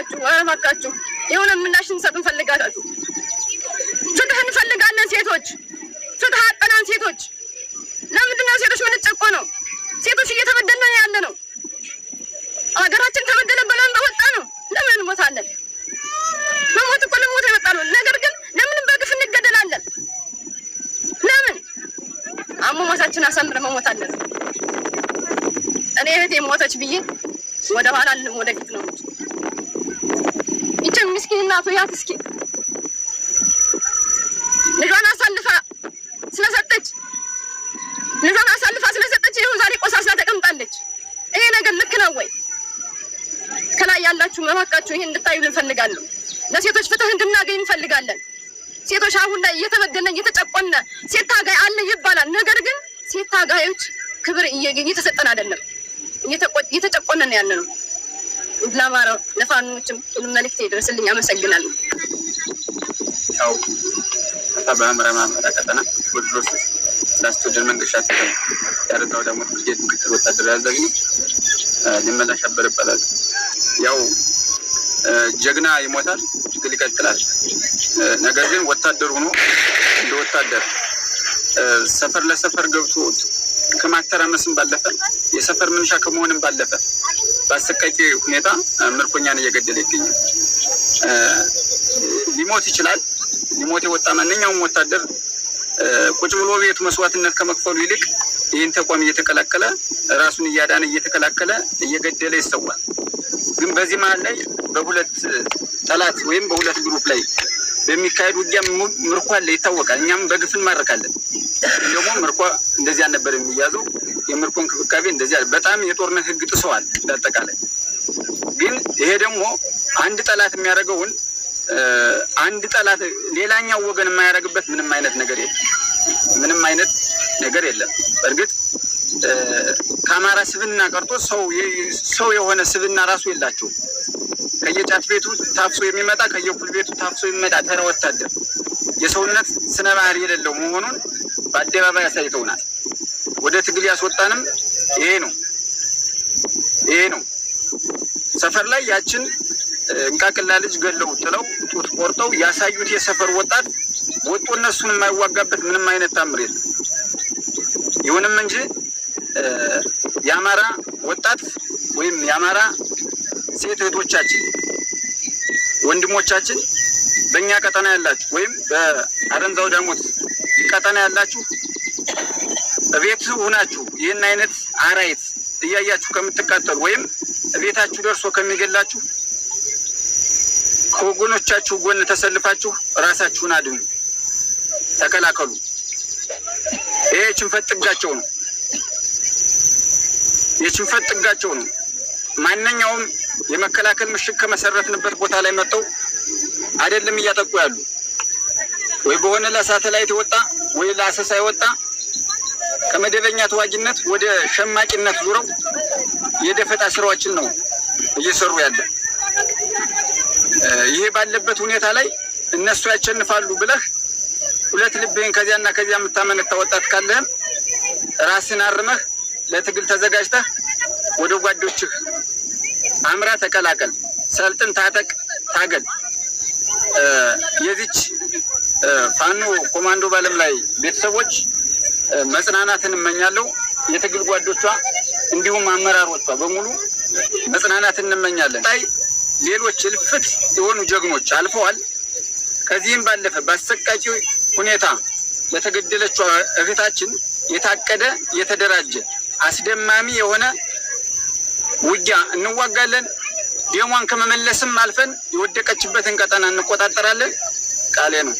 እባካችሁ እባካችሁ የሆነ ምላሽ እንሰጥ እንፈልጋላችሁ። ፍትህ እንፈልጋለን ሴቶች፣ ፍትህ አጠናን ሴቶች። ለምንድን ነው ሴቶች ምንጨቆ ነው? ሴቶች ነው ያለ ነው። ሀገራችን ተበደለ ብለን በወጣ ነው። ለምን እንሞታለን? መሞት እኮ ለሞት የመጣ ነው። ነገር ግን ለምን በግፍ እንገደላለን። ለምን አሟሟታችን አሳምረ መሞት አለን። እኔ እህቴ ሞተች ብዬ ወደ ኋላ ወደፊት ነው ይችን ምስኪን እናቱ ያት እስኪ ልጇን አሳልፋ ስለሰጠች ልጇን አሳልፋ ስለሰጠች ይኸው ዛሬ ቆሳስላ ተቀምጣለች። ይሄ ነገር ልክ ነው ወይ? ከላይ ያላችሁ መባካችሁ ይሄን እንድታዩ እንፈልጋለን። ለሴቶች ፍትህ እንድናገኝ እንፈልጋለን። ሴቶች አሁን ላይ እየተበደነ እየተጨቆነ ሴት ታጋይ አለ ይባላል። ነገር ግን ሴት ታጋዮች ክብር እየተሰጠን አይደለም፣ እየተጨቆነን ያለ ነው። ለአማራ ለፋኖችም ሁሉም መልእክት ይደርስልኝ። አመሰግናለሁ። ያው በምረ ማምራ ቀጠና ወድሮስ ላስቶድን መንገሻ ተገ ያረዛው ደግሞ ብርጌድ ምክትል ወታደር ያዘግኝ ልመላሽ አበረ ይባላል። ያው ጀግና ይሞታል፣ ትግል ይቀጥላል። ነገር ግን ወታደር ሆኖ እንደ ወታደር ሰፈር ለሰፈር ገብቶ ከማተራመስም ባለፈ የሰፈር ምንሻ ከመሆንም ባለፈ በአሰቃቂ ሁኔታ ምርኮኛን እየገደለ ይገኛል። ሊሞት ይችላል። ሊሞት የወጣ ማንኛውም ወታደር ቁጭ ብሎ ቤቱ መስዋዕትነት ከመክፈሉ ይልቅ ይህን ተቋም እየተቀላቀለ ራሱን እያዳነ እየተከላከለ እየገደለ ይሰዋል። ግን በዚህ መሀል ላይ በሁለት ጠላት ወይም በሁለት ግሩፕ ላይ በሚካሄድ ውጊያ ምርኮ አለ ይታወቃል። እኛም በግፍ እንማርካለን። ደግሞ ምርኮ እንደዚህ አልነበር የሚያዘው። የምርኮ እንክብካቤ እንደዚህ በጣም የጦርነት ህግ ጥሰዋል። እንዳጠቃላይ ግን ይሄ ደግሞ አንድ ጠላት የሚያደርገውን አንድ ጠላት ሌላኛው ወገን የማያደርግበት ምንም አይነት ነገር የለም። ምንም አይነት ነገር የለም። በእርግጥ ከአማራ ስብና ቀርቶ ሰው የሆነ ስብና ራሱ የላቸውም። ከየጫት ቤቱ ታፍሶ የሚመጣ ከየኩል ቤቱ ታፍሶ የሚመጣ ተራ ወታደር የሰውነት ስነ ባህሪ የሌለው መሆኑን በአደባባይ አሳይተውናል። ወደ ትግል ያስወጣንም ይሄ ነው ይሄ ነው። ሰፈር ላይ ያችን እንቃቅላ ልጅ ገለው ጥለው ጡት ቆርጠው ያሳዩት የሰፈር ወጣት ወጥቶ እነሱን የማይዋጋበት ምንም አይነት ታምር የለም። ይሁንም እንጂ የአማራ ወጣት ወይም የአማራ ሴት እህቶቻችን ወንድሞቻችን በእኛ ቀጠና ያላችሁ ወይም በአረንዛው ዳሞት ቀጠና ያላችሁ እቤት ሁናችሁ ይህን አይነት አራየት እያያችሁ ከምትቃጠሉ ወይም ቤታችሁ ደርሶ ከሚገላችሁ ከወገኖቻችሁ ጎን ተሰልፋችሁ ራሳችሁን አድኑ። ተከላከሉ። ይሄ የሽንፈት ጥጋቸው ነው። የሽንፈት ጥጋቸው ነው። ማንኛውም የመከላከል ምሽግ ከመሰረትንበት ቦታ ላይ መጥተው አይደለም እያጠቁ ያሉ ወይ በሆነ ለሳተላይት የወጣ ወይ ለአሰሳ የወጣ ከመደበኛ ተዋጊነት ወደ ሸማቂነት ዙረው የደፈጣ ስራዎችን ነው እየሰሩ ያለ። ይሄ ባለበት ሁኔታ ላይ እነሱ ያቸንፋሉ ብለህ ሁለት ልብህን ከዚያና ከዚያ የምታመነታ ወጣት ካለህም ራስን አርመህ ለትግል ተዘጋጅተህ ወደ ጓዶችህ አምራ ተቀላቀል። ሰልጥን፣ ታጠቅ፣ ታገል። የዚች ፋኖ ኮማንዶ ባለም ላይ ቤተሰቦች መጽናናትን እመኛለሁ። የትግል ጓዶቿ እንዲሁም አመራሮቿ በሙሉ መጽናናትን እንመኛለን። ሌሎች እልፍት የሆኑ ጀግኖች አልፈዋል። ከዚህም ባለፈ በአሰቃቂ ሁኔታ ለተገደለችው እህታችን የታቀደ የተደራጀ አስደማሚ የሆነ ውጊያ እንዋጋለን። ደሟን ከመመለስም አልፈን የወደቀችበትን ቀጠና እንቆጣጠራለን። ቃሌ ነው።